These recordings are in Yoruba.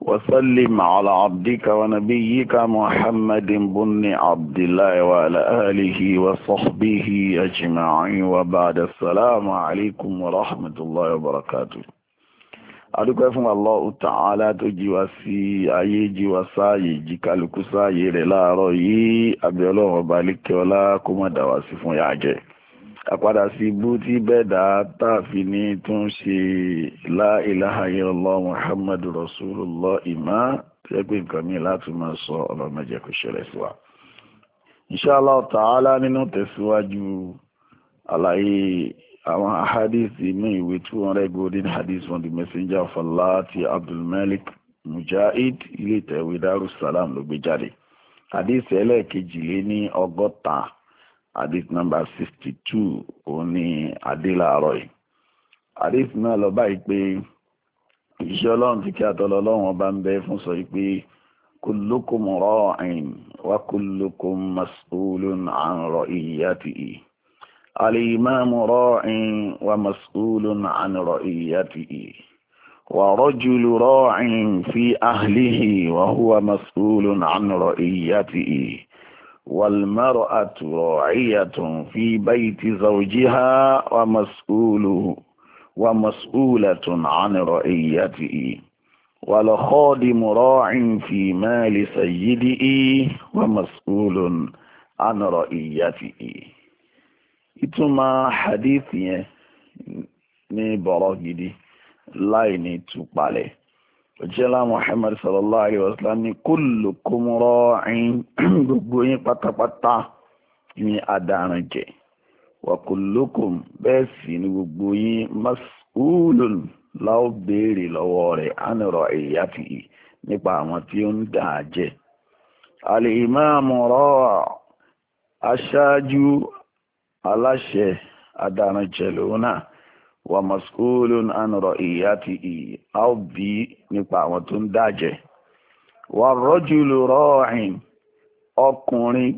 وسلم على عبدك ونبيك محمد بن عبد الله وعلى آله وصحبه أجمعين وبعد السلام عليكم ورحمة الله وبركاته adúpẹ́ fún Allahu Ta'ala tó jí wa sí ayé jí wa sáàyè jí kálukú sáàyè rẹ̀ láàárọ̀ yìí abẹ́ ọlọ́run ọba lékè kó má dà sí fún yàá àpadà sí ibú tí bẹ́ẹ̀dá tààfin ní tún ṣe la ilaha illallah muhammadu rasulullah ìmá tí ẹ pé nǹkan míì láti máa sọ ọlọ́run mẹ́jẹ kò ṣẹlẹ̀ sí wa. inṣàlá ta'ala nínú tẹ̀síwájú àlàyé àwọn ahadith inú ìwé two hundred golden hadith from the messenger of allah ti abdulmalik mujahid ilé ìtẹ̀wé darussalam ló gbé jáde hadith ẹlẹ́ẹ̀kejì lé ní ọgọ́ta hadith number 62، two òun ní adéláàárọ̀ yìí hadith náà lọ báyìí pé ìṣẹ́ ọlọ́run ti kí àtọ́lọ́ ọlọ́run ọba ń bẹ fún sọ pé kullukum ra'in wa kullukum mas'ulun an ra'iyatihi al-imamu ra'in wa mas'ulun an ra'iyatihi wa rajulu ra'in fi ahlihi wa huwa mas'ulun an ra'iyatihi. والمرأة راعية في بيت زوجها ومسؤوله ومسؤولة عن رعيته والخادم راع في مال سيده ومسؤول عن رعيته إتما حديثي ni bọ̀rọ̀ gidi láì ní òjíṣẹ́lá Muhammad sallallahu alayhi wa sallam ní kullukum ra'in gbogbo yín pátápátá ní adarun jẹ wa kullukum bẹ́ẹ̀ sì ni gbogbo yín mas'ulun láò béèrè lọ́wọ́ rẹ̀ an ra'iyyatihi nípa àwọn tí ó ń dà jẹ al aṣáájú aláṣẹ adarun jẹ lòun wa mas'ulun an ra'iyatihi a ó bí nípa àwọn tó wa dájẹ́ wà rajulu ra'in ọkùnrin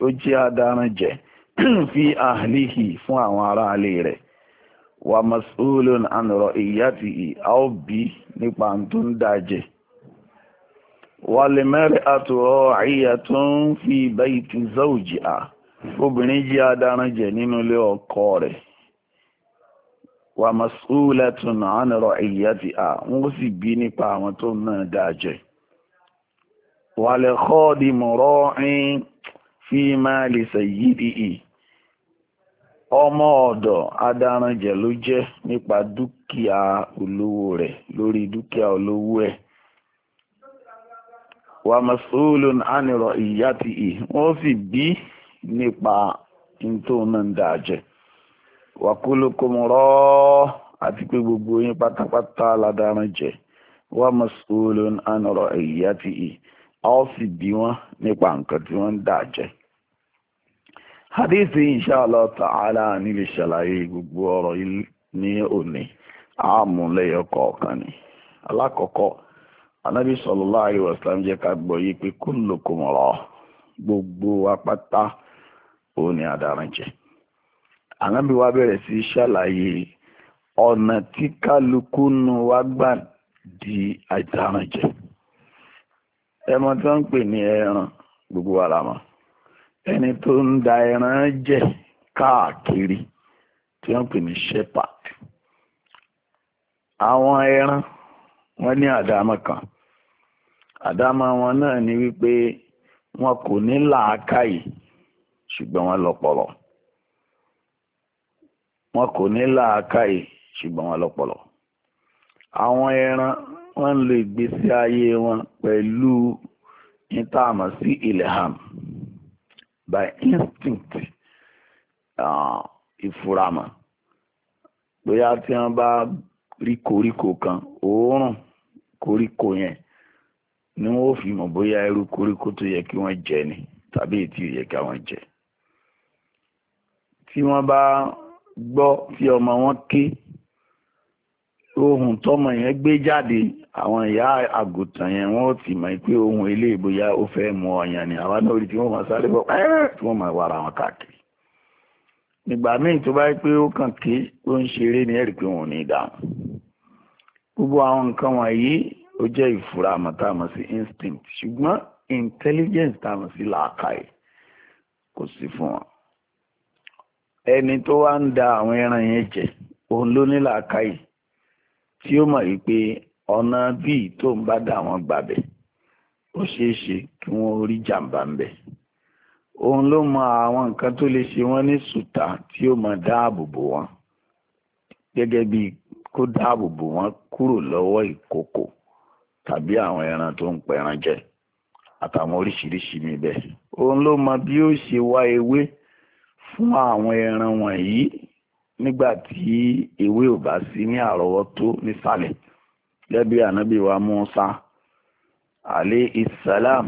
ó je adarànjẹ fi ahlihi fún àwọn aráalé rẹ̀ wa mas'ulun an anụrụ a ó nipa nípa àwọn tó wa dájẹ́ wàlẹ̀mẹ́rẹ̀ àtòrọ̀ àyíyà tó ń fi bayti zawjiha obìnrin jẹ́ je ninu le ọkọ rẹ̀ wà mas'ulatun 'an ra'iyatiha wọ́n sì bí nípa àwọn tó náà dáa jẹ́ wàlẹ̀ khadimu ra'in fi mali sayyidihi ọmọ ọ̀dọ̀ adaranjẹ̀ ló jẹ́ nípa dúkìá olówó rẹ̀ lórí dúkìá olówó ẹ̀ wà mas'ulun 'an ra'iyatihi wọ́n sì bí nípa ntòun náà dáa wa rọ́ àti pé gbogbo yín pátápátá ládàrán jẹ wà mọ́sùlùmí ànọ̀rọ̀ èyí àti ì a ó sì bí wọn nípa nǹkan tí wọ́n ń dà jẹ. hadith insha ta'ala ní lè gbogbo ọrọ ní òní àmúlẹ̀yọ kọ̀ọ̀kan ni. alákọ̀ọ́kọ́ anábì sallallahu ká yí gbogbo apáta ànábì wa bẹ̀rẹ̀ sí ṣàlàyé ọ̀nà tí kálukú nu wa gbà di àìtàrànjẹ ẹmọ tí wọ́n ń pè ní ẹran gbogbo ara mọ̀ ẹni tó ń da ẹran jẹ káàkiri tí wọ́n ń pè ní shepherd àwọn ẹran wọ́n ní àdámọ́ kan àdámọ́ wọn náà ni wípé wọn kò ní làákàyè ṣùgbọ́n wọ́n lọ́pọlọ wọn kò ní làákàyè ṣùgbọ́n wọn lọ́pọlọ àwọn ẹran wọn lè gbésí ayé wọn pẹ̀lú ìtààmà sí ilham by instinct ìfurama bóyá tí wọn bá rí koríko kan òórùn koríko yẹn ni wọn ò fi mọ̀ bóyá irú koríko tó yẹ kí wọn jẹ ni tàbí èyí tí ò yẹ kí àwọn jẹ tí wọn bá gbọ́ tí ọmọ wọn ké ohun tọmọ yẹn gbé jáde àwọn ìyá àgùntàn yẹn wọn ti mọ̀ pé ohun ilé ìbòyá ó fẹ́ mú ọyàn ni àwa náà rí tí wọ́n máa sáré bọ̀ tí wọ́n máa wàrà wọn káàkiri nígbà míì tó bá pé ó kàn ké ó ń ṣeré ni ẹ̀rí pé wọn ò ní dáhùn gbogbo àwọn nǹkan wọ̀nyí ó jẹ́ ìfura àmọ́ tá a mọ̀ sí instinct ṣùgbọ́n intelligence tá a mọ̀ sí làákàyè kò sí fún wọn ẹni tó wá ń da àwọn ẹran yẹn jẹ òun ló ní làákàyè tí ó mọ̀ wípé ọ̀nà bíi tó ń bá dà wọ́n gbàbẹ̀ ó ṣeé ṣe kí wọ́n rí jàǹbá ń bẹ̀ òun ló mọ àwọn nǹkan tó lè ṣe wọ́n ní sùtà tí ó mọ dáàbò bò wọ́n gẹ́gẹ́ bíi kó dáàbò bò wọ́n kúrò lọ́wọ́ ìkòkò tàbí àwọn ẹran tó ń pẹran jẹ àtàwọn oríṣiríṣi mi bẹ́ẹ̀ òun ló mọ bí ó ṣe wá ewé fún àwọn ẹran wọ̀nyí nígbà tí ewé ò bá sí ní àrọ́wọ́tó nísàlẹ̀ lẹ́bí ànábì wa Musa alẹ́ isalam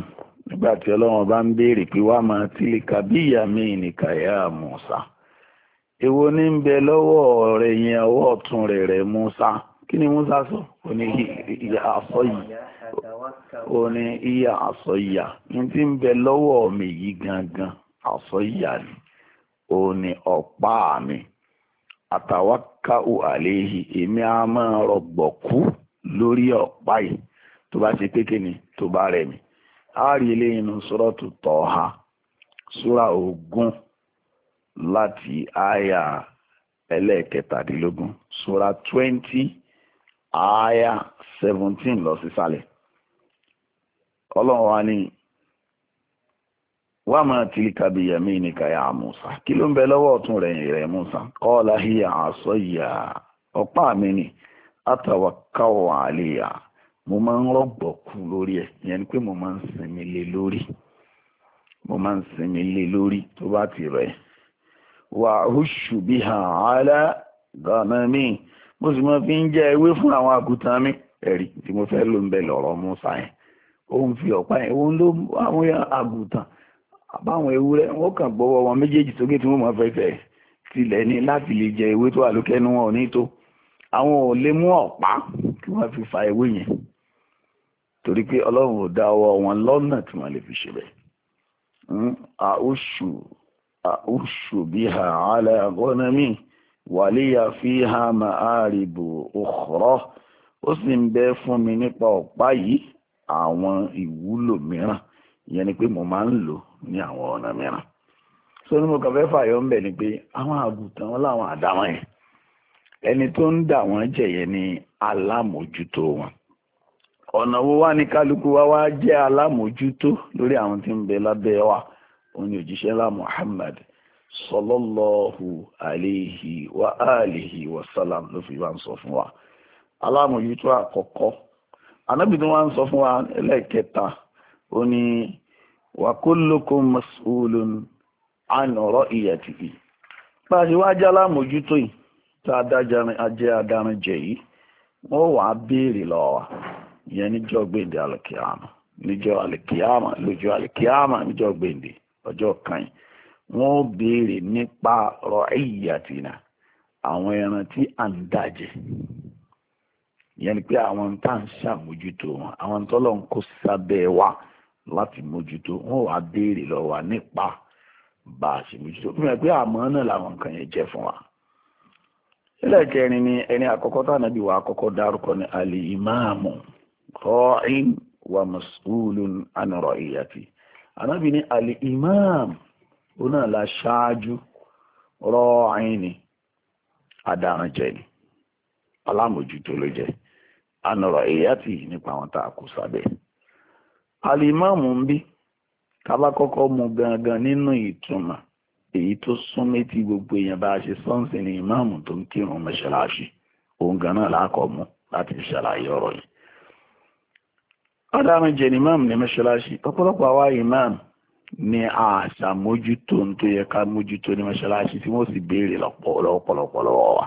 nígbà tí ọlọ́run bá ń béèrè pé wá máa tilẹ̀ kàbíyà mi nìkà ya Musa èwo ní ń bẹ lọ́wọ́ rẹ̀ yẹn ọwọ́ ọ̀tún rẹ̀ rẹ̀ Musa kí ni Musa sọ ò ní ìyá àsọ yìí ò ní ìyá àsọ ìyá ní ti ń bẹ lọ́wọ́ mi yìí gangan àsọ ìyá ni ó ní ọ̀pá mi àtàwákàù àléhì èmi á máa rọ̀gbọ̀kú lórí ọ̀pá yìí tó bá ṣe pékè ni tó bá rẹ̀ mi a rí ilé inú sọ́rọ́tù tọ́ha súra ogun láti àyà ẹlẹ́ẹ̀kẹtàdínlógún súra twenty àyà seventeen lọ sísàlẹ̀ ọlọ́run wa ni. wá máa ti kàbí yẹmí ní musa kí ló ń bẹ lọ́wọ́ ọ̀tún rẹ̀ Musa kọ́ọ̀lá híyà asọ ọ̀pá mi ni àtàwà àlèyà mo máa ń rọ̀gbọ̀kú lórí ẹ̀ yẹn ni pé mo máa ń sinmi lé lórí mo máa ń sinmi lé lórí tó bá ti rẹ̀ wà húṣù bí gánà mi mo sì fi ń jẹ ewé fún àwọn àgùntàn mi ẹ̀rí tí mo Musa yẹn fi ọ̀pá yẹn òun ló àwọn àbáwọn ewúrẹ́ wọ́n kàn gbọ́wọ́ wọn méjèèjì sókè tí wọ́n mọ̀ fẹ́fẹ́ tilẹ̀ ní láti lè jẹ ewé tó wà lókè ẹnu wọn ò ní tó àwọn ò lè mú ọ̀pá kí wọ́n fi fa ewé yẹn torí pé ọlọ́run ò dá ọwọ́ wọn lọ́nà tí wọ́n lè fi ṣe bẹ́ẹ̀ àóṣù hmm, àóṣù biha ala ghanami wàlíyà fiha ma'aribu ukhra ó sì ń bẹ fún mi nípa ọ̀pá yìí àwọn ìwúlò mìíràn ìyẹn ni pé mo máa ń lò ó ní àwọn ọ̀nà mìíràn so ní mo kàn fẹ́ fàyọ ń bẹ̀ ni pé àwọn àgùntàn wọn láwọn àdámọ́ yẹn ẹni tó ń dà ni alámòjútó wọn ọ̀nà wo wá ní kálukú wa wá jẹ́ alámòjútó lórí àwọn tí ń bẹ lábẹ́ wa òun ni òjíṣẹ́ ńlá Muhammad sọlọ́lọ́hu àlehi wa àlehi wa salam ló fi wá ń sọ wa alámòjútó àkọ́kọ́ anábìtí wọn ń sọ fún wa ó ní. wà kullukum mas'ulun an ra'iyatihi bá a ṣe wá jálá mójútó yìí tá a ajé adarin jẹ yìí wọ́n wàá béèrè lọ́wọ́ ìyẹn níjọ́ gbèǹde alìkíyàmà níjọ́ alìkíyàmà lójú alìkíyàmà níjọ́ gbèǹde ọjọ́ kan yìí wọ́n béèrè nípa ra'iyatina àwọn ẹran tí à ń dájẹ ìyẹn ni pé àwọn tá à ń ṣàmójútó wọn láti mójútó wọn ò wá béèrè lọ́wọ́ wa nípa bá a ṣe mójútó fún mi pé náà làwọn nǹkan yẹn fún wa. ẹlẹ́kẹrin ni ẹni àkọ́kọ́ tánàbí wa àkọ́kọ́ dárúkọ ní alì ìmáàmù rọ́ìn wa mas'ulun an ra'iyati anábì ní alì ìmáàmù ó náà la ṣáájú rọ́ìn ni ni alámòjútó ló alimọ́ọ̀mù ń bí tábà kọ́kọ́ mu gangan nínú ìtumọ̀ èyí tó sún létí gbogbo èèyàn bá a ṣe sọ́ǹsì ni ìmáàmù tó ń kírun mọ́ṣáláṣí òun gan náà lákọ̀ mú láti ṣàlàyé ọ̀rọ̀ yìí. ọ̀daràn jẹ́ ni ìmáàmù ní mọ́ṣáláṣí ọ̀pọ̀lọpọ̀ àwa ìmáàmù ni àṣà mójútó ń tó yẹ ká mójútó ní mọ́ṣáláṣí tí wọ́n sì béèrè lọ́pọ̀lọpọ̀ lọ́wọ́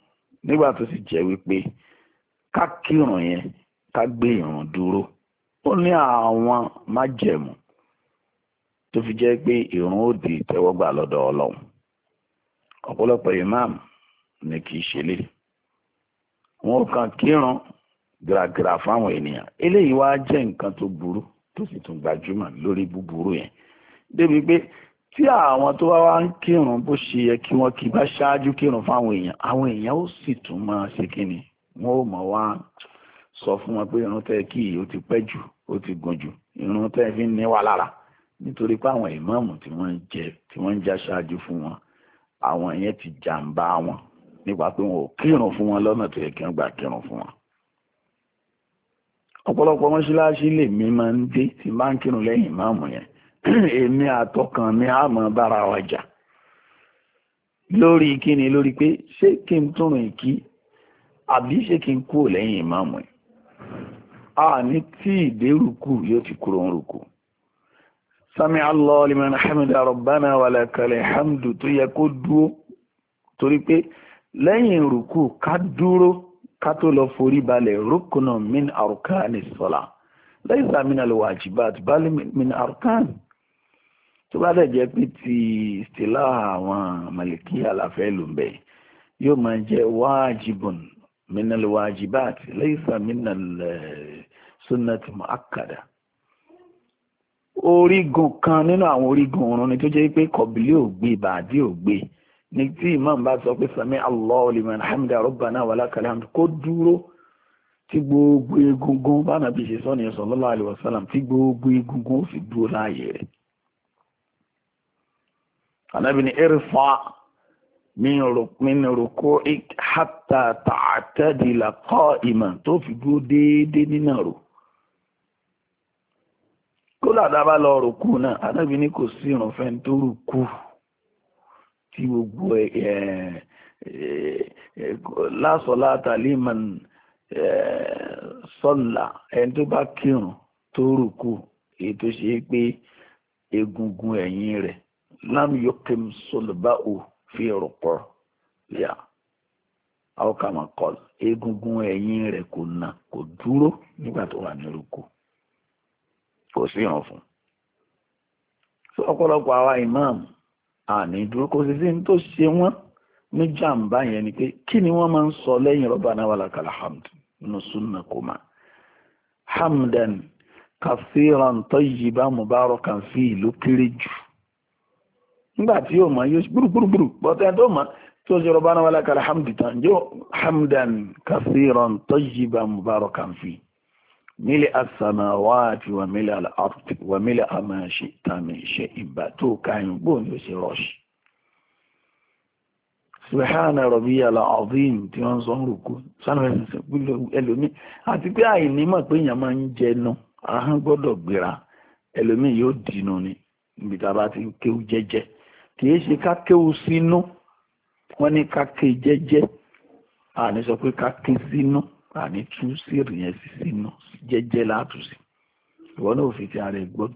nígbà tó sì jẹ́ wípé ká kírun yẹn ká gbé ìrun dúró ó ní àwọn májẹ̀mú tó fi jẹ́ pé ìrun ó di ìtẹ́wọ́gbà lọ́dọ̀ ọlọ́run ọ̀pọ̀lọpọ̀ imam ni kì í ṣe lé wọn kàn kírun gíragíra fáwọn ènìyàn eléyìí wá jẹ́ nǹkan tó burú tó sì tún gbajúmọ̀ lórí búburú yẹn débi pé tí àwọn tó bá wá ń kírun bó ṣe yẹ kí wọ́n kí bá ṣáájú kírun fáwọn èèyàn àwọn èèyàn ó sì tún máa ṣe kíni wọ́n ò mọ̀ wá sọ fún wọn pé irun tẹ́ kí ó ti pẹ́ jù ó ti gùn jù irun tẹ́ fi ń ní wa lára nítorí pé àwọn ìmáàmù tí wọ́n ń jẹ tí wọ́n ń já ṣáájú fún wọn àwọn yẹn ti jàǹbá wọn nípa pé wọn ò kírun fún wọn lọ́nà tó yẹ kí wọ́n gbà kírun fún wọn ọ̀pọ̀lọpọ̀ mọ́ṣáláṣí lèmi máa ń dé tí máa ń kírun lẹ́yìn ìmáàmù yẹn èmi àtọkàn mi á mọ̀ bára wa jà lórí kíni lórí pé ṣé kí n tún rìn kí àbí ṣé kí n kúrò lẹ́yìn ìmáàmù ẹ̀ a ní tí ìdérùkù yóò ti kúrò ń rùkù sami Allahu liman hamida rabbana wa hamdu tó yẹ kó dúó torí pé lẹ́yìn rùkù ká dúró ká tó lọ forí balẹ̀ rukunu min arkanis sala laysa min alwajibat bal min arkan tó bá dẹ̀ jẹ́ pé ti ìsìlá àwọn màlìkí àlàfẹ́ ló ń bẹ̀ yóò máa jẹ́ wájibun minal wajibat laysa minal eh, sunnati muakkada orígun kan nínú àwọn orígun ọ̀run ni tó jẹ́ pé kọ̀bílẹ̀ ò gbé bàdí ò gbé ní tí imam bá sọ pé sami Allahu liman hamida rabbana walakal hamd kó dúró tí gbogbo egungun bá nàbí ṣe sọ ní sallallahu alaihi wasallam tí gbogbo egungun ó sì dúró láàyè rẹ̀ anábì ní irfa min rukú hatta ta'tadila qa'iman tó fi dúró déédéé nínà rò kó làdábà lọ rùkú náà anábì ní kò sí ìrànfẹ́ tó rùkú tí gbogbo lásọ̀lá tàlímàn sọ́là ẹni tó bá kírun tó rùkú èyí tó ṣe é pé egungun ẹ̀yìn rẹ̀ lam yuqim sulba'u fi ya aw kama egungun ẹ̀yìn rẹ̀ ko nà kò dúró nígbà tó wà ní rúkú kò sí hàn fún so ọ̀pọ̀lọpọ̀ àwa imam àní dúró kò sí sí ní tó ṣe wọ́n ma jàǹbá yẹn ni pé kí ni wọ́n máa ń sọ lẹ́yìn rabbana hamd nínú súnà kò hamdan kathiran tayyiban mubarakan fi ìlú nígbà tí yóò mọ̀ yóò gbúrúgbúrú bọ́tẹ́ tó mọ̀ tó ṣe rọ̀bá náà wà lákà alhamdulitan yóò hamdan kasiran tayyiban mubarakan fi mílí as-samawati wa mílí al-ardi wa mílí ma shi'ta min shay'in ìgbà tó káyìn bó ni ó ṣe rọ́ṣì. subhana rabbiyal azim tí wọ́n sọ ń rúkú sanu ẹ̀sìn ẹlòmí àti pé àìní mọ̀ pé èèyàn máa ń jẹnu ahọ́n gbọ́dọ̀ gbéra ẹlòmí yóò dínú ni níbi tá a bá ti ń kéwú jẹ́jẹ́ kìí ṣe kákéwu sínú wọ́n ní káké jẹ́jẹ́ àní sọ pé káké sínú àní tú sí ìrìyẹn sí sínú jẹ́jẹ́ látùsí ìwọ náà fi ti ara ẹ̀ gbọ́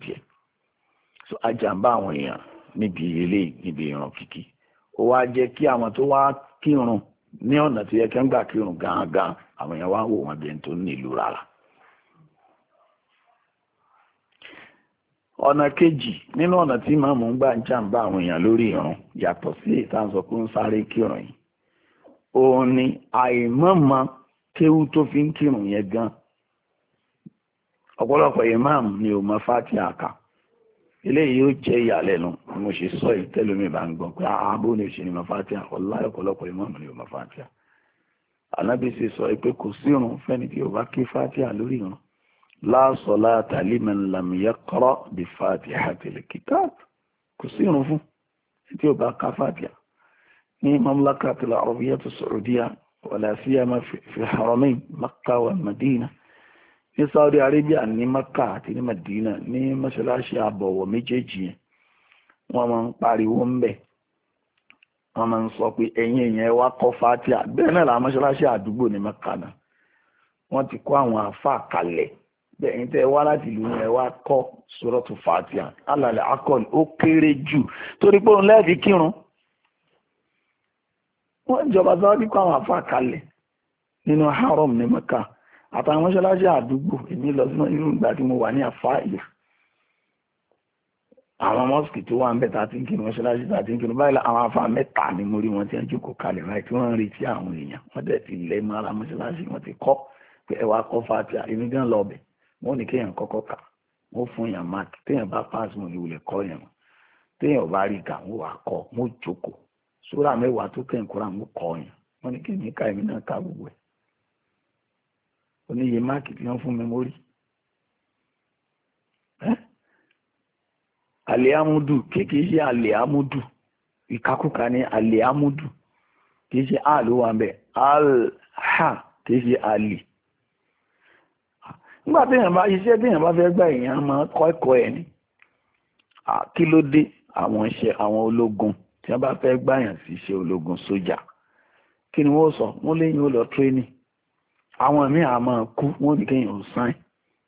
so ajàmbá àwọn èèyàn níbi ilé níbi ìran kìkì ó wá jẹ́ kí àwọn tó wá kírun ní ọ̀nà tó yẹ kí wọ́n gbà kírun gangan àwọn èèyàn wá wò wọ́n bí ẹni tó nílùú rárá ọ̀nà kejì nínú ọ̀nà tí màmú ń gbà ń jàǹbá àwọn èèyàn lórí ìrun yàtọ̀ sí ìtànsọ pé ń sáré kírun yìí òun ni tó fi ń kírun yẹn gan ọ̀pọ̀lọpọ̀ imam ni ò mọ fati àkà eléyìí yóò jẹ́ ìyàlẹ́nu mo ṣe sọ yìí tẹ́lómi bá ń gbọ́n pé ààbò ah, ah, ni òṣèlú mọ fati àkà ọ̀pọ̀lọpọ̀ imam ni ò mọ fati sọ pé kò sí fẹ́ni tí ò bá kí la salata liman lam yaqra bi fatihatil kitab kò sí irun fún tí ó bá ka fatiha ní mamlakatil arabiyyati saudiya wala siyama fi haramain makka wa madina ní saudi arabia ní makka àti ní madina ní mọ́ṣáláṣí àbọ̀wọ̀ méjèèjì yẹn wọ́n máa ń pariwo ń bẹ̀ wọ́n máa ń sọ pé ẹ̀yin èèyàn ẹ kọ́ fatiha bẹ́ẹ̀ náà làwọn mọ́ṣáláṣí àdúgbò ní makka náà wọ́n ti kó àwọn àáfàá kalẹ̀ bẹ́ẹ̀ni tẹ́ wá láti ìlú yẹn wá kọ́ sọ́rọ́tù fàtíà alàlẹ́ akọ́l ó kéré jù torí pé òun lẹ́ẹ̀fi kírun wọ́n ìjọba sáwọ́dí kọ́ àwọn àfáà kalẹ̀ nínú haram ní mẹ́ka àtàwọn mọ́ṣáláṣí àdúgbò èmi lọ sí irú ìgbà tí mo wà ní àfáàyè àwọn mọ́sìkì tó wà ń bẹ̀ tàbí kírun mọ́ṣáláṣí tàbí kírun báyìí àwọn àfáà mẹ́ta ni mo rí wọn tí wọ́n jókòó kalẹ̀ báyìí tí wọ́n ń retí àwọn èèyàn wọ́n dẹ̀ ti lẹ́ mọ́ mọ́ṣáláṣí wọ́n ti kọ́ pé ẹwà kọ́ fàtíà èmi gan lọ wọ́n ní kéèyàn kọ́kọ́ kà wọ́n fún yàn mark téèyàn bá pass mo ní wulẹ̀ kọ́ yẹn téèyàn ò bá rí kà wọ́n wà kọ́ wọ́n jókòó sóra mẹ́wàá tó kẹ́yìn kóra wọ́n kọ́ yẹn wọ́n ní kéèyàn ká èmi náà ká gbogbo ẹ̀ oníye mark tí wọ́n fún mi mórí àlẹ́ amúdù kí ṣe àlẹ́ amúdù ìkakúka ní àlẹ́ amúdù kìí ṣe a ló wà ń al ha kìí ṣe àlẹ́ nígbà téèyàn bá iṣẹ́ téèyàn bá fẹ́ gbà èèyàn máa kọ́ ẹ̀kọ́ ẹ̀ ni kí ló dé àwọn iṣẹ́ àwọn ológun tí wọ́n bá fẹ́ gbàyàn sí iṣẹ́ ológun sójà kí ni wọ́n sọ wọ́n léyìn ó lọ tírénì àwọn míì á máa kú wọ́n ní kéèyàn ó sáìn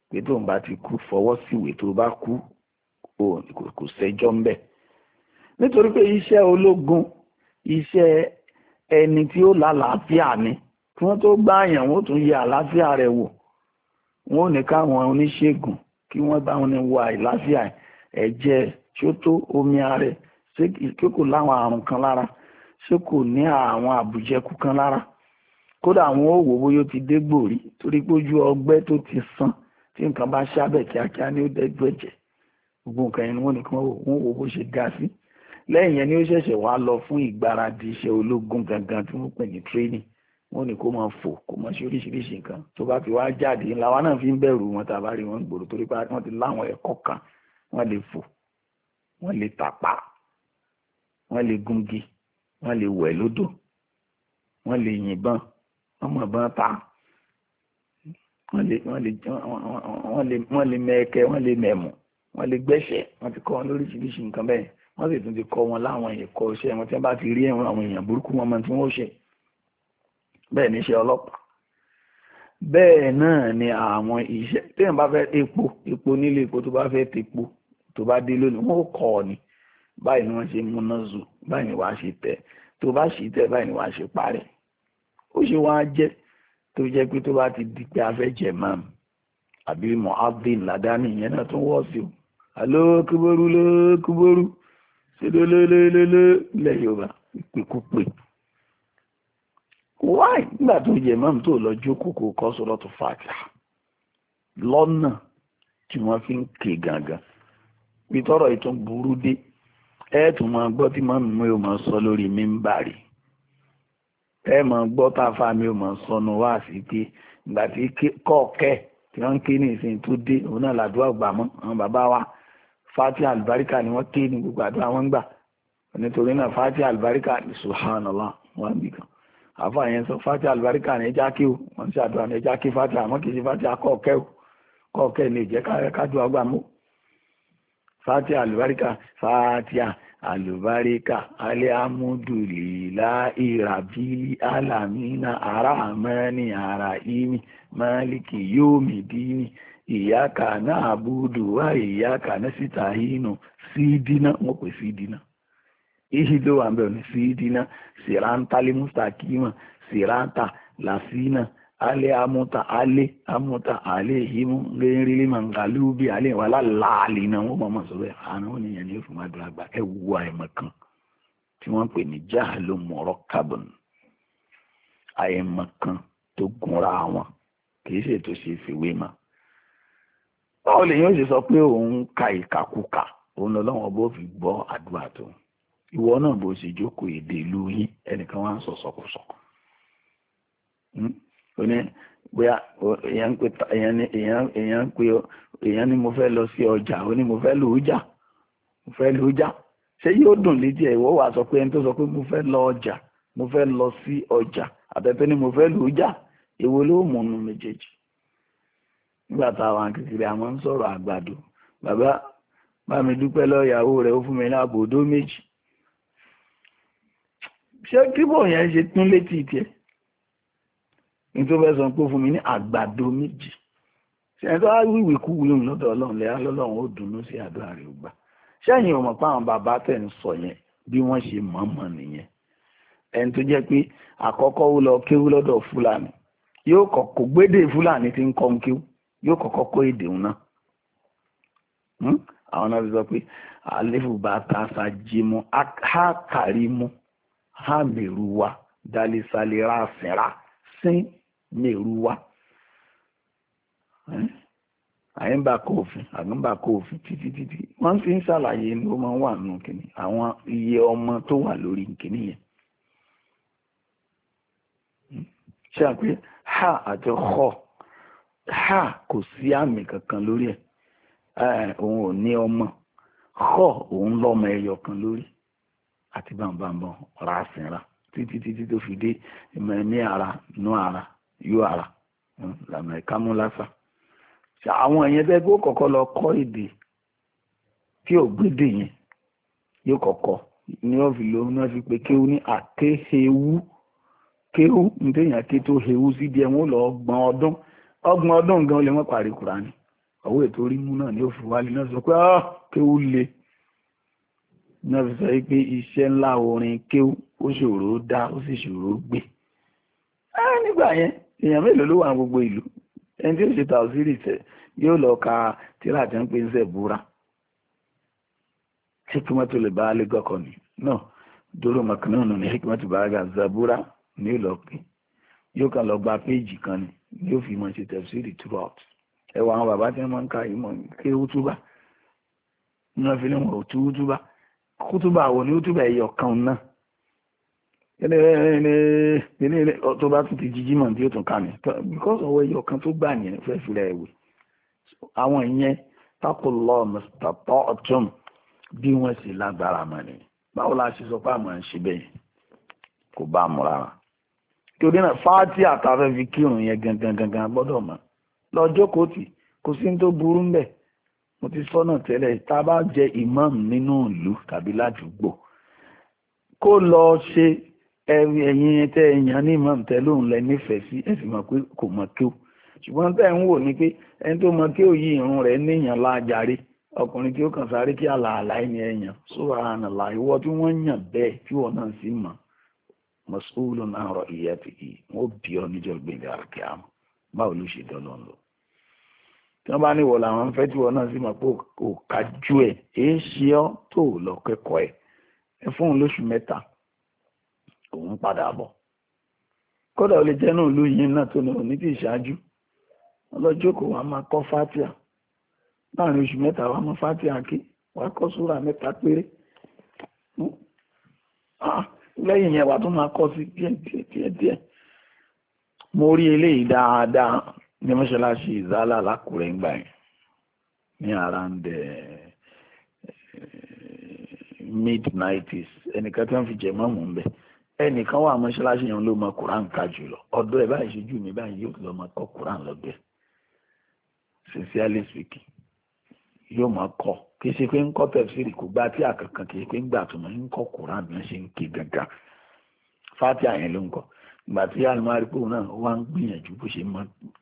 pé tóun bá ti kú fọwọ́ síwèé tó bá kú kò sẹ́jọ́ ń bẹ̀ nítorí pé iṣẹ́ ológun iṣẹ́ ẹni tí ó lálàáfíà ni kí wọ́n tó gbàyàn wọ́n tún yẹ àlàáfíà rẹ̀ wò wọn ò ní káwọn oníṣègùn kí wọ́n bá wọn ní wo àìláfíà ẹ̀jẹ̀ tí ó tó omi ààrẹ ṣé kò láwọn àrùn kan lára ṣé kò ní àwọn àbùjẹkù kan lára kódà àwọn òwò bóyá ó ti dé gbòrí torí pé ojú ọgbẹ́ tó ti san tí nǹkan bá ṣábẹ̀ kíákíá ní ó dẹ́gbẹ̀jẹ̀ gbogbo nǹkan yẹn ni wọ́n nìkan wọ́n wò bó ṣe ga sí lẹ́yìn yẹn ni ó ṣẹ̀ṣẹ̀ wá lọ fún ìgbáradì iṣẹ́ ológun gangan tí wọ́n pè ní training wọ́n ní kó máa fò kó máa ṣe oríṣiríṣi nǹkan tó bá fi wá jáde ńlá wa náà fi ń bẹ̀rù wọn tàbá rí wọn gbòòrò torí pé wọ́n ti láwọn ẹ̀kọ́ kan wọ́n lè fò wọ́n lè tàpá wọ́n lè gungi wọ́n lè wẹ̀ lódò wọ́n lè yìnbọn wọ́n mọ̀ bọ́n ta wọ́n lè wọ́n lè wọ́n lè wọ́n lè mẹ́ẹ̀kẹ́ wọ́n lè mẹ̀mù wọ́n lè gbẹ́sẹ̀ wọ́n ti kọ́ wọn lóríṣiríṣi nǹkan bẹ́ẹ̀ wọ́n sì tún ti kọ́ wọn láwọn ẹ̀kọ́ iṣẹ́ wọn tí wọ́n bá ti rí ẹ̀wọ̀n àwọn èèyàn burúkú wọn mọ tí wọ́n ṣe bẹ́ẹ̀ ni iṣẹ́ ọlọ́pàá bẹ́ẹ̀ náà ni àwọn iṣẹ́ téèyàn bá fẹ́ epo epo nílé epo tó bá fẹ́ tepo tó bá dé lónìí wọn kọ́ ni báyìí ni wọ́n ṣe múná zu báyìí ni wàá ṣe tẹ tó bá ṣì tẹ báyìí ni wàá ṣe parí ó ṣe wàá jẹ tó jẹ pé tó bá ti di pé a fẹ́ jẹ máa àbí mohadin ládàáni ìyẹn náà tún wọ́ sí o alo kúború lé kúború ṣe lé lẹ́yìn ọba ìpèkúpè why nígbà tó yẹ mọ́mù tó lọ jókòó kó kọ́ sọ́rọ́ tó fàtà lọ́nà tí wọ́n fi ń ké gangan bí tọ́rọ̀ ìtún burú dé ẹ tún máa gbọ́ tí mọ́mù mi ò máa sọ lórí mímbàrí ẹ máa gbọ́ táfà mi ò máa sọnù wá sí pé ìgbà tí kọ́ọ̀kẹ́ tí wọ́n ń ké ní ìsìn tó dé òun náà làdúrà gbà mọ́ àwọn bàbá wa fati albarika ni wọ́n ké ní gbogbo àdúrà wọn gbà nítorí náà fati albarika subhanallah wọn bì kan àfa yẹn sọ fati alibarika ní ẹja kí o wọ́n ṣe àdúrà ní ẹja kí fati àmọ́ kì í ṣe fati akọ́ọ̀kẹ́ o kọ́ọ̀kẹ́ ní ìjẹ́ kájú ọgbà mú fati alibarika fati alibarika alihamudulila irabili alamina aramani araimi maliki yomidini ìyá kaná àbúdù wá ìyá kaná sítàhínú sídínà wọ́n pè sídínà. ido ambeo ni sitina siranta li mustakima siranta la sina ale amuta ale amuta ale himu ngeri li mangalubi ale wala lali na wo mama so be ana ah, woni ya ni fu madura gba e wuwa e makan ti won pe ni jahlu murakkabun aye makan to gunra won ke se to se fi we ma o le yo se so pe o n ka ikakuka o n obo fi gbo adua to ìwọ náà bó ṣe jókòó èdè ìlú yín ẹnìkan wá ń sọ ya oní hmm? bóyá èèyàn ń pe èèyàn ń èèyàn ní mo fẹ́ lọ sí ọjà ó ní mo fẹ́ lò ó jà mo fẹ́ lò ó jà ṣé yóò dùn létí ẹ̀ ìwọ wà sọ pé ẹni tó sọ pé mo fẹ́ lọ ọjà mo fẹ́ lọ sí ọjà ni mo fẹ́ lò ó jà èwo ló mú un méjèèjì nígbà kékeré àwọn ń sọ̀rọ̀ àgbàdo bàbá bá mi dúpẹ́ lọ́yàwó rẹ̀ ó fún mi ní àbòdó méjì ṣé kíbò yẹn ṣe tún létí tiẹ̀ ní tó fẹ́ sọ pé fún mi ní àgbàdo méjì ṣẹ́yìn tó wíwì kú wí lọ́dọ̀ ọlọ́run lẹ́yà lọ́lọ́run ó dùnnú sí àdúrà rẹ̀ gbà ṣẹ́yìn ọmọ páwọn bàbá tẹ̀ ń sọ yẹn bí wọ́n ṣe mọ̀ọ́mọ̀ nìyẹn ẹni tó jẹ́ pé àkọ́kọ́ ó lọ kéwú lọ́dọ̀ fúlàní yóò kọ́kọ́ gbédè fúlàní tí ń kọ́ ń kéwú yóò kọ́kọ́ kó èdè òun náà hmm? àwọn náà fi sọ pé àlefù bá ta sa jí mu á kárí mu hàmèrúwa meruwa sẹ́ra sín mèrúwa àyínbá kóòfin àgbọ̀nbá kóòfin títí títí wọ́n fi ń ṣàlàyé ló máa ń wà nù kìíní àwọn iye ọmọ tó wà lórí kìíní yẹn ṣe àpé ha àti họ ha kò sí àmì kankan lórí ẹ̀ òun ò ní ọmọ họ òun lọ́mọ ẹyọ kan lórí àti bàǹbàǹbọ̀n ọ̀rá àsìnra títí títí tó fi dé ìmọ̀ ara nú ara yó ara hm, lànà ìkámú àwọn èèyàn bẹ́ẹ̀ bí ó lọ kọ́ èdè tí ò yẹn yóò kọ́kọ́ ni wọ́n fi lo ní wọ́n fi pe kéwú ní àkéhewú kéwú hewú sí díẹ̀ wọ́n lọ ọgbọ̀n ọdún ọgbọ̀n ọdún gan lè wọ́n parí ọwọ́ ètò orí mú náà fi sọ pé iṣẹ́ ńlá orin kéwú ó ṣòro dá ó sì ṣòro gbé nígbà yẹn èèyàn mélòó ló wà gbogbo ìlú ẹni tí ó ṣe tàùsírì tẹ yóò lọ ka tíra tí ń pè ń sẹ̀búra hikimatu lè bá lè gọkọ ni náà dúró mọ̀kànnà ní hikimatu bá ga zabura ní ìlọ pé yóò kàn lọ gba péèjì kan ni yóò fi mọ̀ ṣe tàùsírì throughout ẹwà àwọn bàbá tí wọ́n máa ń ka ìmọ̀ kéwútúbà ní wọ́n fi lè mọ̀ òtúwútúbà kútùbà wọ̀ ní kútùbà ẹ̀yọ̀ kan náà tó bá tún ti jíjí mọ̀ tí ó tún ká mi because ọwọ́ ẹ̀yọ̀ kan tó gbà yẹn fẹ́ fi rẹ̀ àwọn ìyẹn takulọ mustapha ọtún bí wọ́n sì lágbára mọ̀ ni báwo la ṣe sọ pé àmọ́ ń ṣe bẹ́ẹ̀ kò bá mu rárá torí náà fáátì àtàfẹ́ fi kírun yẹn gangan gangan gbọ́dọ̀ mọ̀ lọ́jọ́ kò tì kò sí ní tó burú ń bẹ́ẹ̀ mo ti sọ́nà tẹ́lẹ̀ tá a bá jẹ imam nínú ìlú tàbí ládùúgbò kó lọ ṣe ẹ̀yin tẹ́ èèyàn ní imam tẹ́ lóun lẹ nífẹ̀ẹ́ sí ẹ sì mọ̀ pé kò mọ̀ kí o ṣùgbọ́n tẹ́ ń wò ni pé ẹni tó mọ̀ kí o yí irun rẹ̀ níyàn lájàre ọkùnrin tí ó kàn sáré kí àlàálá ẹni ẹ̀yàn subhanallah ìwọ tí wọ́n yàn bẹ́ẹ̀ tí wọ́n náà sì mọ̀ mọ̀sùlùmí àrọ̀ ìyẹ́ tìkì wọ́n bí ọ níjọ́ gbẹ̀dẹ̀ àkẹ́àmù báwo ló ṣe dán lọ́nà lọ tí wọ́n bá ní ìwọ̀ làwọn ń fẹ́ tí wọ́n náà sì mọ̀ pé kò kájú ẹ̀ èé ṣe ọ́ tó lọ kẹ́kọ̀ọ́ ẹ̀ ẹ fún un lóṣù mẹ́ta òun padà bọ̀ kódà ó lè jẹ́ náà lóyìn náà tó ní òní tí ìṣáájú ọlọ́jọ́ kò wá máa kọ́ fátíà láàrin oṣù mẹ́ta wá mọ́ fátíà kí wá kọ́ súra mẹ́ta péré lẹ́yìn yẹn wà tó máa kọ́ sí díẹ̀ díẹ̀ díẹ̀ mo rí eléyìí dáadáa ní mọ́ṣáláṣí ìzálà lákùrẹ́ ńgbà yẹn ní around eh, mid nineties ẹnìkan tí wọ́n fi jẹ mọ́mù ń bẹ ẹnìkan wà mọ́ṣáláṣí yẹn ló mọ Quran ká jùlọ ọ̀dọ̀ ẹ̀ báyìí ṣojú mi báyìí yóò lọ mọ kọ́ Quran lọ́dọ̀ ẹ̀ sincerely speaking yóò mọ kọ́ kì í ṣe pé ń kọ́ tẹ̀síìrì kò gbá tí àkàkàn kì í pé ń gbà tó mọ ń kọ́ Quran bí ṣe ń ké gangan fátíà yẹn ló ń kọ́ ìgbà tí àlùmárìkò náà wá ń gbìyànjú bó ṣe mọ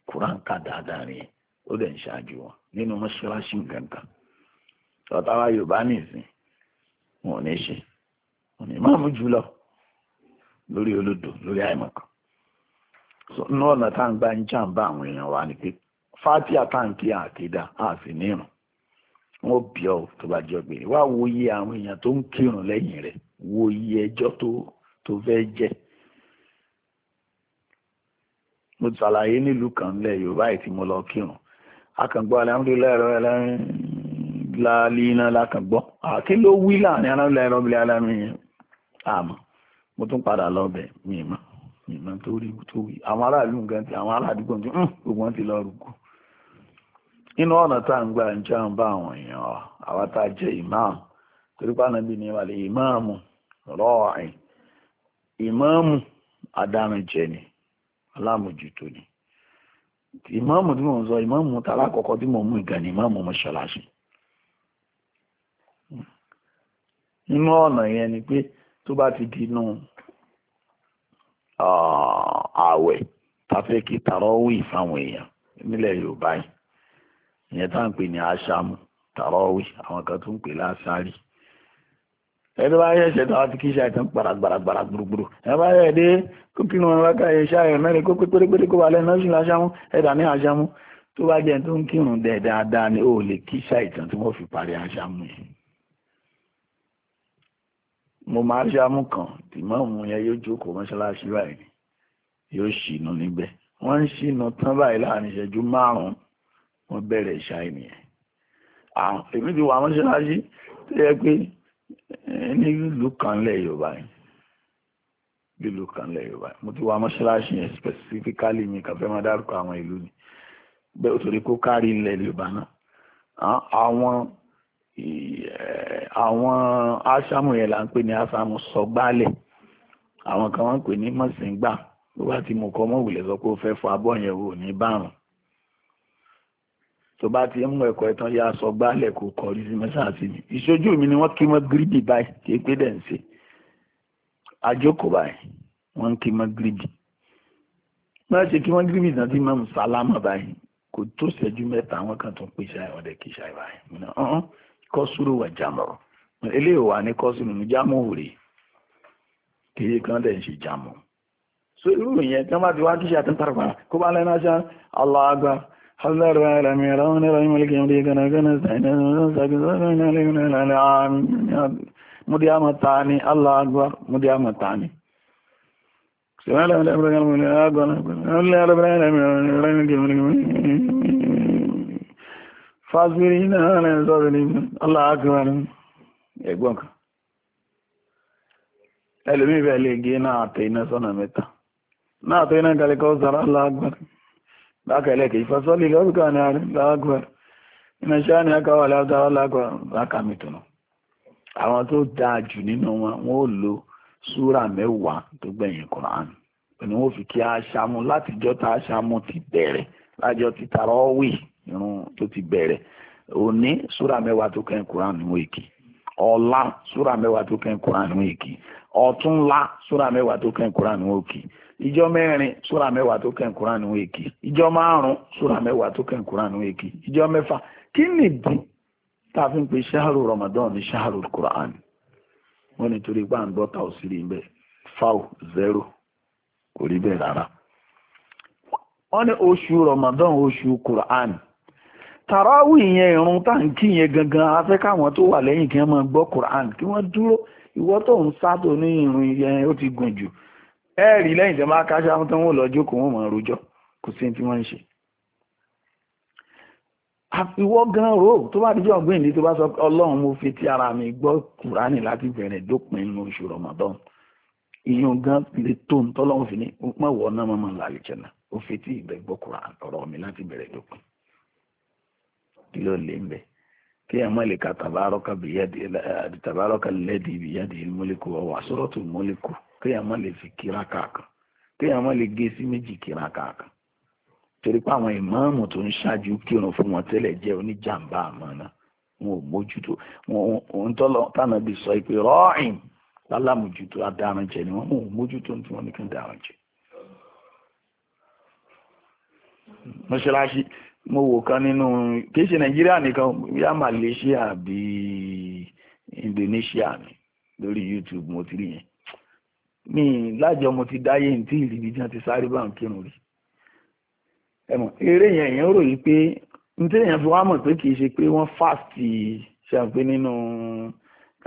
kuran ká dáadáa rẹ̀ ó dẹ̀ ń ṣáájú wọn nínú mọ́ṣáláṣí gangan ọ̀táwá yorùbá nìsín wọn ò ní ṣe wọn ni máàmù jùlọ lórí olódò lórí àìmọ̀kan nínú ọ̀nà tá à ń gbá ń àwọn èèyàn wa ni pé fati àtàǹkì àkídà á sì nírun wọn bí ọ tó bá jọ gbèrè wá wo iye àwọn èèyàn mo ti ṣàlàyé nílùú kan nílẹ̀ yorùbá yìí mo lọ kírun akàngbọ́ ẹrọ rẹ lálínà lákàngbọ́ àti ló wí láàrin alhamdulilayi rẹ bíi alámi àmọ́ mo tún padà lọ bẹ̀ mi tó rí tó wí àwọn aráàlú nǹkan ti àwọn aládùúgbò ti hmm, gbogbo wọn ti lọ rúkú nínú ọ̀nà tá à ń gbà ń jẹ́ àwọn bá àwọn èèyàn àwa alámòjútó ni ìmáàmù tí mò ń sọ ìmáàmù tá alákọ̀ọ́kọ́ tí mò ń mú ìgbà ni ìmáàmù mọ́ṣáláṣí nínú ọ̀nà yẹn ni pé tó bá ti di inú ààwẹ̀ ah, tá fẹ́ kí tàrọ́wì fáwọn èèyàn nílẹ̀ Yorùbá yìí ìyẹn tá ń pè ní aṣáàmù tàrọ́wì àwọn kan tó ń pè láṣáárì ẹni bá yẹ ṣẹ̀tọ́ àti kí ṣáà tán gbàràgbàràgbàrà gbùrùgbùrù ẹni bá yẹ dé kókí ní wọn bá ká ẹṣá ẹ mẹ́rin kó pé pérépéré kó wà lẹ́nu ọ̀ṣun láṣámú ẹ̀dà ní àṣámú tó bá jẹ́ tó ń kírun dẹ̀ dáadáa ni ó lè kí ṣáà ìtàn tí wọ́n fi parí àṣámú yìí. mo máa ṣámú kan tìmọ́ òun yẹn yóò jókòó mọ́ṣáláṣí báyìí yóò ṣìnà níbẹ̀ wọ́n ń ṣìnà tán báyìí láàrin ìṣẹ́jú márùn-ún wọ́n bẹ̀rẹ̀ ṣáà Eh, ní ìlú kan lẹ̀ yorùbá yìí ìlú kan lẹ̀ yorùbá yìí mo ti wá mọ́ṣáláṣí yẹn specifically mi kàn fẹ́ máa dárúkọ àwọn ìlú ni bẹ́ẹ̀ ó torí kó kárí ilẹ̀ yorùbá náà ah, àwọn eh, àwọn ásámù yẹn là ń pè ní ásámù sọgbálẹ̀ àwọn kan wọ́n ń pè ní mọ̀sìngbà bó bá ti mú kọ́ mọ́ òwúlẹ̀ sọ pé ó fẹ́ fọ abọ́ yẹn wò ní bárùn tó bá ti mú ẹ̀kọ́ ẹ̀tàn yá aṣọ gbálẹ̀ kó kọrí sí mọ́ṣáláṣí mi ìṣojú mi ni wọ́n kí mọ́ gírídì báyìí kí é pé dẹ̀ ń ṣe àjókòó báyìí wọ́n ń kí mọ́ gírídì má ṣe kí wọ́n gírídì náà ti máa ń sálámà báyìí kò tó ṣẹ́jú mẹ́ta àwọn kan tó ń pèsè àwọn ọ̀dẹ̀ kì í ṣàì báyìí mo ní sùúrù wà jámọ̀ eléyìí wà ní kọ́ sùúrù mi jámọ̀ òrè kì kan dẹ̀ ń ṣe jámọ̀ so irú ìyẹn tí wọ́n bá ti wá kí ṣe حذر على ميرون رحم الكمري كان كان ساكن مديام الثاني الله أكبر مديام الثاني سؤال على أمر قلب لا أقول الله على برهان رحم الكمري فاصبرين على صبرين الله أكبر يقولك ẹlòmíì bẹ́ẹ̀ lè gé náà àtẹ̀yìn náà sọ́nà mẹ́ta náà àtẹ̀yìn náà kàlẹ́kọ̀ọ́ sára aláàgbára bákẹ̀lẹ́kẹ̀ ìfọ́sọ́lì lọ́rùkà ní àríláwàgbà iná ṣáà ní akáwà látàwàlágbà bákàmìtùnà àwọn tó dáa jù nínú wọn wọn ò lo súrà mẹ́wàá tó gbẹ̀yìn Quran ni wọ́n fi kí aṣámú látijọ́ tá aṣámú ti bẹ̀rẹ̀ lájọ́ ti tàrọ́wì irun tó ti bẹ̀rẹ̀ òní súrà mẹ́wàá tó kẹ́yìn Quran ni wọ́n èkì ọ̀la súrà mẹ́wàá tó kẹ́yìn Quran ni wọ́n èkì ọ̀túnla súrà mẹ́wàá tó kẹ́yìn Quran ni wọ́n èkì ìjọ mẹ́rin súra mẹ́wàá tó kẹ́ nkúrán nù èkì ìjọ márùn súra mẹ́wàá tó kẹ́ nkúrán nù èkì ìjọ pe Ramadan wọn nítorí pé ń gbọ́ ò sí rí bẹ́ẹ̀ zero kò rí bẹ́ẹ̀ rárá ní oṣù Ramadan oṣù irun gangan afẹ́ káwọn tó wà lẹ́yìn kí wọ́n máa gbọ́ kuran kí wọ́n dúró tó ń sá tó ní irun ti gùn jù ẹ̀rí lẹ́yìn tẹ́ máa káṣá fún tán wọ́n lọ jókòó wọn máa rojọ́ kò sí tí wọ́n ń ṣe àfiwọ́ gan ro tó bá dijọ́ ọ̀gbìn ní tó bá sọ ọlọ́run mo fi ti ara mi gbọ́ kùránì láti bẹ̀rẹ̀ dópin inú oṣù rọmọdán ìyẹn gan lè tó ń tọ́lọ́run fi ní pọ́n wọ náà mọ́mọ́ láàyè jẹ̀nà ó fi ti ìbẹ̀ gbọ́ kùránì ọ̀rọ̀ mi láti bẹ̀rẹ̀ dópin kí ló lè ń bẹ̀ kí ẹ̀ mọ́ lè ka tàbárọ́kà lẹ́dí ìbíyàdì mọ́lẹ́kù ọ̀wà sọ́rọ́tù mọ́lẹ́kù kéèyàn má lè fi kíra kàkan kéèyàn má lè gé sí méjì kíra kàkan torí pé àwọn ìmáàmù tó ń ṣáájú kírun fún wọn tẹ́lẹ̀ jẹ́ oníjàmbá àmánà wọn ò mójútó wọn òun tọ́lọ tánà bí sọ pé rọ́ọ̀ìn lálámójútó adáranjẹ ni wọn ò mójútó tí wọn nìkan dáranjẹ. mọ́ṣáláṣí mo wò kan nínú kìí ṣe nàìjíríà nìkan yá Malaysia bíi Indonesia ni lórí YouTube mo ti rí yẹn mi lájọ mo ti dáyé ní tí ìrìbí tí wọ́n ti sáré bá ń kírun rí ẹ̀mọ̀ eré yẹn èèyàn rò yìí pé ní tí èèyàn fi wá mọ̀ pé kì í ṣe pé wọ́n fast ṣàǹpé nínú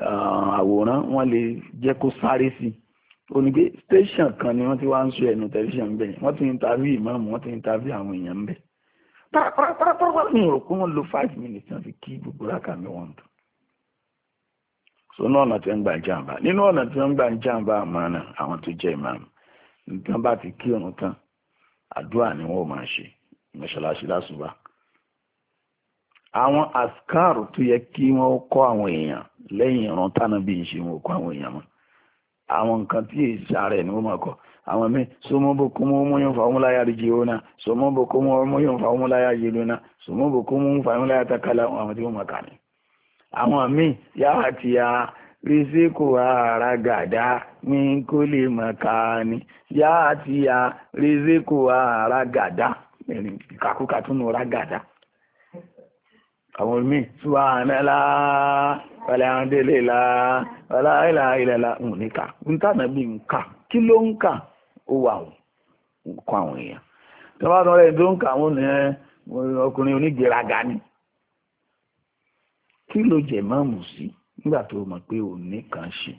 ah, àwòrán wọ́n lè jẹ́ kó sáré sí i ó ní pé station kan ni wọ́n ti wá ń sọ ẹ̀nu tẹlifíṣàn bẹ́ẹ̀ wọ́n ti interview ìmáàmù wọ́n ti interview àwọn èèyàn ń bẹ̀ pàápàá mi rò pé wọ́n lo five minutes wọ́n fi kí gbogbo rákà mi wọ́n tó so ní ọ̀nà tí wọ́n gbà ń jàǹbá nínú ọ̀nà tí wọ́n gbà ń jàǹbá àmánà àwọn tó jẹ́ ìmáàmù nǹkan bá ti kírun tán àdúrà ni wọ́n máa ṣe mọ́ṣáláṣí lásùbà àwọn àsìkáàrù tó yẹ kí wọ́n kọ́ àwọn èèyàn lẹ́yìn ìran tánà bí ìṣe wọn kọ́ àwọn èèyàn mọ́ àwọn nǹkan tí èèṣà rẹ̀ ni wọ́n máa kọ́ àwọn míì sọmọ́bùkún mú mú yóò fa ọmúláyà rí jẹ́ òun náà sọmọ́bùkún mú yóò fa ọmúláyà yìí lónà sọmọ́bùkún mú fa ọmúláyà takala àwọn tí wọ́n máa kà ní àwọn míì yáwà tí a rísíkù ara gàdá ní kó lè mọ̀ ká ni yáwà tí a rísíkù ara gàdá ìkàkùkà tún nù ra gàdá àwọn míì subhanallah walhamdulillah wala ilaha illallah ń níka ń tànà bí ń kà kí ló ń kà ó wà ó kọ àwọn èèyàn tí wọ́n bá tọ́ lẹ́yìn tó ń kà wọ́n ní ọkùnrin onígbèraga ni kí ló jẹ máàmù sí nígbà tó mọ̀ pé ò ní kan ṣe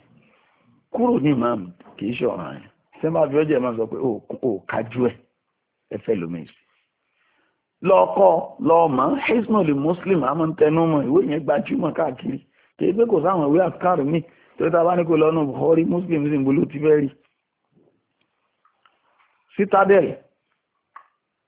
kúrò ní máàmù kì í ṣọ̀ràn yẹn ṣé máa fi ọjọ́ máa sọ pé ò kájú ẹ̀ ẹ fẹ́ lómi sí lọ́ọ̀kọ́ lọ́ọ̀mọ́ hezmọ́ lè muslim àmọ́ ń tẹnu mọ́ ìwé yẹn gbajúmọ̀ káàkiri kì í pé kò sáwọn ìwé àkàrò míì torí ta bá ní kò lọ́nà buhari muslim sí ìbúlú ti bẹ́ẹ̀ rí citadel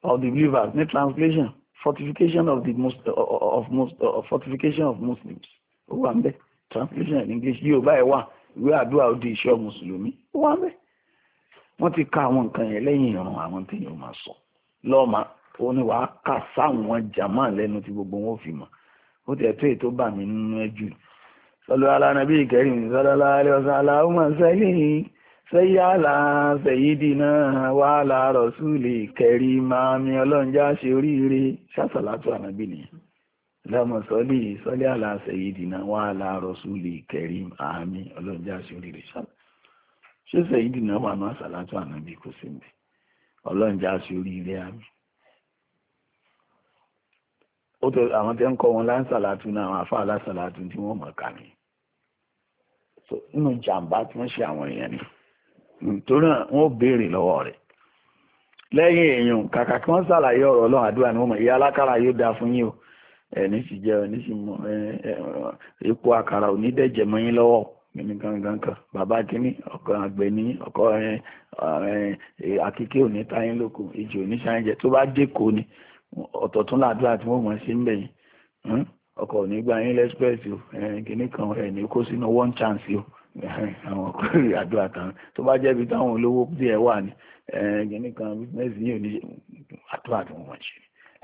of the believers ní translation fortification of the most uh, uh, of most uh, fortification of muslims ó translation in english You buy one, we are ó di ìṣọ́ mùsùlùmí ó wà ń bẹ wọ́n ti ka àwọn nǹkan yẹn lẹ́yìn ìrun àwọn téèyàn máa sọ lọ́ọ̀mà ó ní wàá kà sáwọn jàmáà lẹ́nu tí gbogbo wọn fi mọ̀ ó tẹ̀ tó ètò bà nínú ẹ jù sọlọ́ ìkẹrin sọlọ́ alẹ́ ọ̀sán aláwọ̀ sẹ́yìn sẹ́yàlá sẹ̀yídìínà wàhálà rọ̀súlì kẹrì máa mi ọlọ́njá ṣe oríire ṣàṣàlátù ànábì ni lámọ̀sọ́lì sọ́lẹ̀ àlà sẹ̀yídìínà wàhálà rọ̀súlì kẹrì máa mi ọlọ́njá ṣe oríire ṣàṣàlátù ṣé sẹ̀yídìínà wà máa ṣàlátù ànábì kò sí mi ọlọ́njá ṣe oríire àmì ó tó àwọn tẹ́ ń kọ́ wọn láńsàlátù náà àwọn àfáà láńsàlátù tí wọ́n mọ̀ ká ni nínú jàǹbá tí wọ́n ṣe àwọn èèyàn ni. torí wọn ò béèrè lọ́wọ́ rẹ̀ lẹ́yìn èèyàn kàkà kí wọ́n ṣàlàyé ọ̀rọ̀ ọlọ́run àdúrà ni wọ́n mọ̀ ìyá alákàrà fún yín o ẹni sì jẹ ẹni sì mọ epo àkàrà ò dẹ̀jẹ̀ mọ́ yín gangan kan bàbá kínní ọkọ àgbẹ̀ ọkọ àkíkẹ́ òní táyín lóko ìjì òní tó bá ni làdúrà o kínní kan ẹ̀ one chance o. àwọn kórè àdúrà kan tó bá jẹ́ ibi táwọn olówó díẹ̀ wà ní ẹ̀ẹ́dẹ̀ẹ́nì kan bísínẹ́sì yìí ò ní àdúrà tó wọ́n ṣe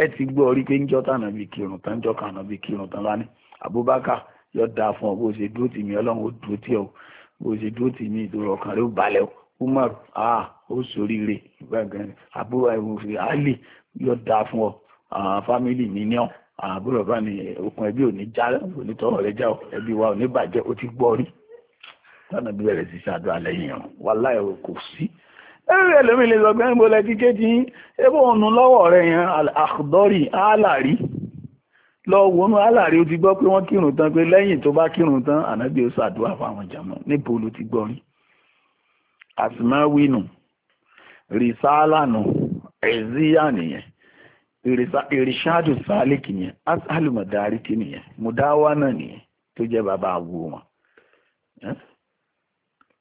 ẹ ti gbọ́ orí pé ńjọ́ tànà bíi kírun tán ńjọ́ kànà bíi kírun tán lánìí Abubakar yọ da fún ọ bó ṣe dúró tì mí Ọlọ́run ó dúró tì ọ bó ṣe dúró tì mí ìdúró ọkàn rẹ ó balẹ̀ o Umar ah ó ṣoríire gbẹ̀ngàn àbúrò ẹ̀wọ̀n Ali yọ da fún ọ fámìlì mi ní ọ àbúrò bá ní okùn ẹbí ò ní já onítọ̀ọ̀ rẹ já ọ ẹbí wa ò ní bàjẹ́ ó ti gbọ́ rí tọ́nà bí bẹ̀rẹ̀ sí ṣàdúrà lẹ́yìn ọ̀ wà láìwò kò sí ẹ̀rọ ẹlòmí lè sọ pé ń bolẹ̀ ti ké ti ebó ònú lọ́wọ́ rẹ̀ yẹn àkùdọ́rì áàlàrí lọ wọnú áàlàrí ó ti gbọ́ pé wọ́n kírun tán pé lẹ́yìn tó bá kírun tán ànábì ó ṣàdúrà fáwọn jàmọ́ níbo ló ti gbọ́ rí àsìmáwínù rìsáàlànù ẹ̀zíyà nìyẹn ìrìṣàdù sálíkì nìyẹn asálùmọ̀dárí kì nìyẹn mùdáwánà nìyẹn tó jẹ́ bàbá àwo wọn. Yeah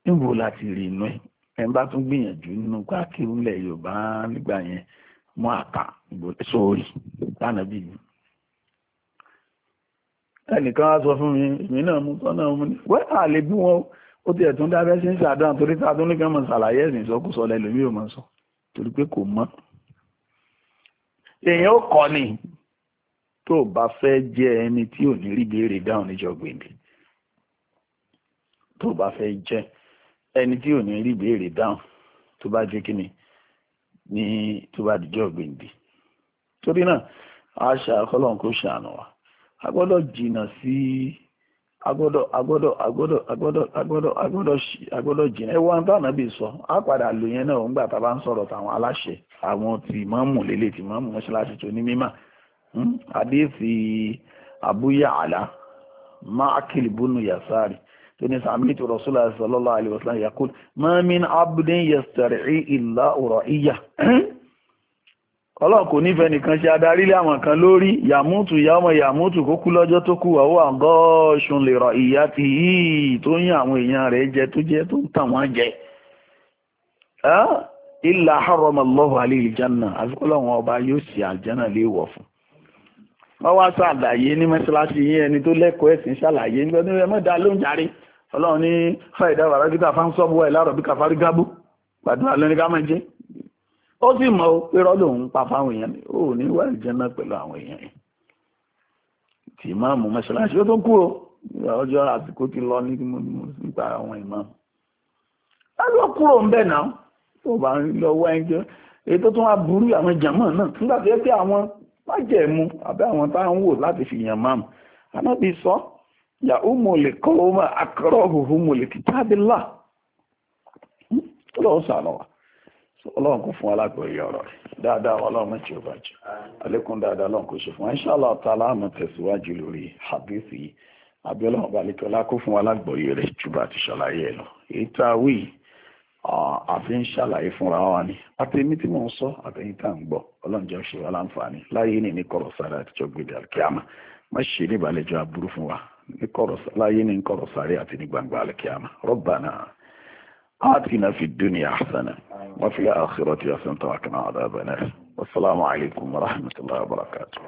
níbo láti rí inú ẹ̀ ẹ̀ ń bá tún gbìyànjú nínú káàkiri ilẹ̀ yorùbá nígbà yẹn mọ́ àkà sórí lánàbí mi ẹnìkan á sọ fún mi èmi náà mú tọ́nà mú ní wẹ́ àlè bí wọn ó ti ẹ̀tún dábẹ́ sí ń ṣàdán torí ká tó nìkan mọ̀ ṣàlàyé ẹ̀sìn ìsọkúsọ lẹ́lòmí ò mọ̀ sọ torí pé kò mọ̀ èèyàn ó kọ́ ni tó bá fẹ́ jẹ́ ẹni tí ò ní rí béèrè dáhùn níjọ́ gbèǹdé tó bá fẹ́ jẹ́ ẹni tí ò ní rí ìbéèrè dáhùn tó bá jẹ́ kíni ní tó bá dijọ́ gbèǹdé torí náà ṣàánú wa a gbọ́dọ̀ jìnnà sí agbọ́dọ̀ agbọ́dọ̀ agbọ́dọ̀ agbọ́dọ̀ agbọ́dọ̀ agbọ́dọ̀ agbọ́dọ̀ jìnnà ẹ wọ́n tánà bí sọ á padà lò yẹn náà ńgbà tá a bá ń sọ̀rọ̀ tàwọn aláṣẹ àwọn lélẹ̀ tó hmm, yasari tó ní sàmì tó rọ̀súlà sọlọ́lá àlèwọ̀sán yakul mọ́mín abdin yẹsẹ̀rẹ̀ ìlà ọ̀rọ̀ ìyà ọlọ́run kò nífẹ̀ẹ́ nìkan ṣe adarí lé àwọn kan lórí yàmútù yàmọ̀ yàmútù kó kú lọ́jọ́ tó kú àwọ̀ àgọ́ṣun lè rọ ìyá ti yìí tó yín àwọn èèyàn rẹ̀ jẹ tó jẹ tó ń tàn wọ́n jẹ ilà haramallahu alayhi janna àfikúnlọ́wọ́n ọba yóò ṣe àjẹ́nà lè wọ̀ fún wọ́n wá ṣàlàyé ní mẹ́sàlásì yín ẹni tó lẹ́kọ̀ọ́ ẹ̀sìn ṣàlàyé nígbà tó yẹ mọ́ dá lóúnjàre ọlọ́run ní fàìdá wàrákítà fáńsọ́bùwà ìlàrọ̀bíkà fárígábù gbàdúrà lórí ká máa jẹ́ ó sì mọ̀ pérọ́ lòun pa fáwọn èèyàn ni ó ní wà ìjẹ́nà pẹ̀lú àwọn èèyàn yìí tí máàmù mọ́ṣáláṣí ó tó kú o ọjọ́ àsìkò ti lọ ní nípa àwọn ìmáàmù lálọ́ kúrò ń bẹ̀ náà tó bá ń lọ wá ẹjọ́ èyí tó tún wá burú àwọn jàmọ́ náà nígbà tó yẹ pé àwọn májẹ̀mú àbẹ́ àwọn táwọn wò láti fi yàn máàmù anábì sọ ya umule kọ́ọ́mà akọ́rọ̀hùhùmùlè kìtàbílà ọlọ́run sàánà wa ọlọ́run kò fún alágbòye ọ̀rọ̀ dáadáa ọlọ́run mẹ́tí ó bàjẹ́ alékún dáadáa ọlọ́run kò ṣe fún insha Allah ta'ala àmọ́ tẹ̀síwájú lórí hadith yìí abíọ́lọ́run balẹ̀kọ́lá kó fún alágbòye rẹ̀ jùbà ti ṣàlàyé ẹ̀ lọ èyí tá a wí àfi ń ṣàlàyé fúnra wa ni àtẹ̀mí tí mò ń sọ àtẹ̀yìn tá à ń gbọ́ ọlọ́run ṣe wá láǹfààní láyé ní ní kọ̀rọ̀ sára àtijọ́ gbèdé láyé ní nkọ̀rọ̀ sáré àti ní gbangba alẹ́kíámà Rabbana آتنا في الدنيا حسنة وفي الآخرة حسنة وقنا عذاب النار والسلام عليكم ورحمة الله وبركاته